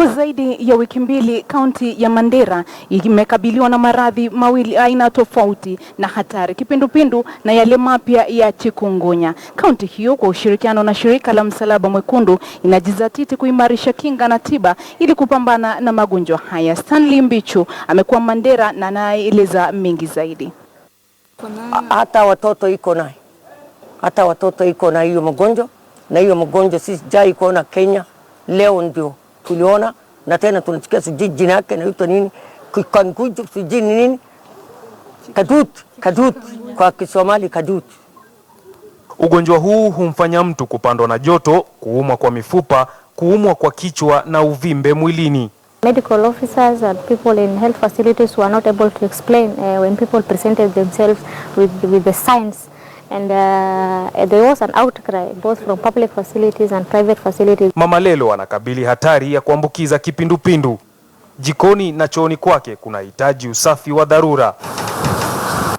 Kwa zaidi ya wiki mbili, kaunti ya Mandera imekabiliwa na maradhi mawili aina tofauti na hatari, kipindupindu na yale mapya ya chikungunya. Kaunti hiyo kwa ushirikiano na shirika la Msalaba Mwekundu inajizatiti kuimarisha kinga na tiba ili kupambana na magonjwa haya. Stanley Mbichu amekuwa Mandera na anaeleza mengi zaidi. Hata watoto iko naye, hata watoto iko na hiyo mgonjwa, na hiyo mgonjwa sijai kuona Kenya, leo ndio tuliona na tena tunasikia sijui jina yake naitwa nini, kikanguju sijui nini, kadut kadut kwa Kisomali kadut. Ugonjwa huu humfanya mtu kupandwa na joto, kuumwa kwa mifupa, kuumwa kwa kichwa na uvimbe mwilini. Medical officers and people in health facilities were not able to explain uh, when people presented themselves with, with the signs And, uh, there was an outcry both from public facilities and private facilities. Mama Lelo anakabili hatari ya kuambukiza kipindupindu. Jikoni na chooni kwake kunahitaji usafi wa dharura.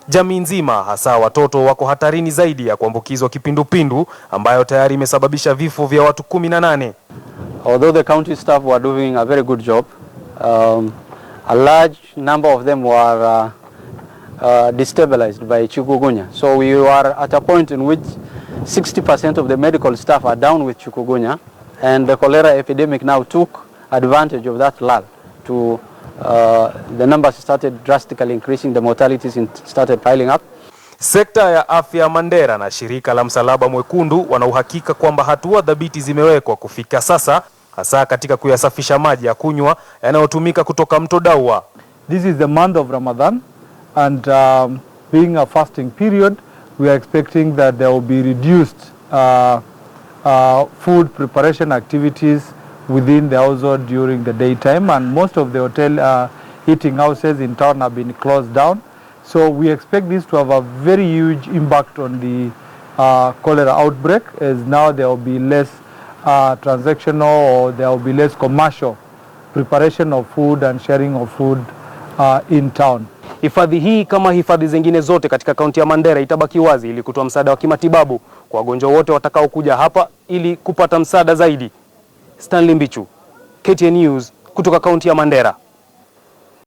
Jamii nzima hasa watoto wako hatarini zaidi ya kuambukizwa kipindupindu ambayo tayari imesababisha vifo vya watu 18. Although the county staff were doing a very good job, um, a large number of them were uh, uh, destabilized by chikungunya. So we are at a point in which 60% of the medical staff are down with chikungunya and the cholera epidemic now took advantage of that lull to uh, the numbers started drastically increasing, the mortalities started piling up. Sekta ya afya Mandera na shirika la Msalaba Mwekundu wanauhakika kwamba hatua dhabiti zimewekwa kufika sasa, hasa katika kuyasafisha maji ya kunywa yanayotumika kutoka mto Dawa. This is the month of Ramadan. and um, being a fasting period, we are expecting that there will be reduced uh, uh, food preparation activities within the household during the daytime and most of the hotel uh, eating houses in town have been closed down. So we expect this to have a very huge impact on the uh, cholera outbreak as now there will be less uh, transactional or there will be less commercial preparation of food and sharing of food uh, in town. Hifadhi hii kama hifadhi zingine zote katika kaunti ya Mandera itabaki wazi ili kutoa msaada wa kimatibabu kwa wagonjwa wote watakaokuja hapa ili kupata msaada zaidi. Stanley Mbichu, KTN News kutoka kaunti ya Mandera.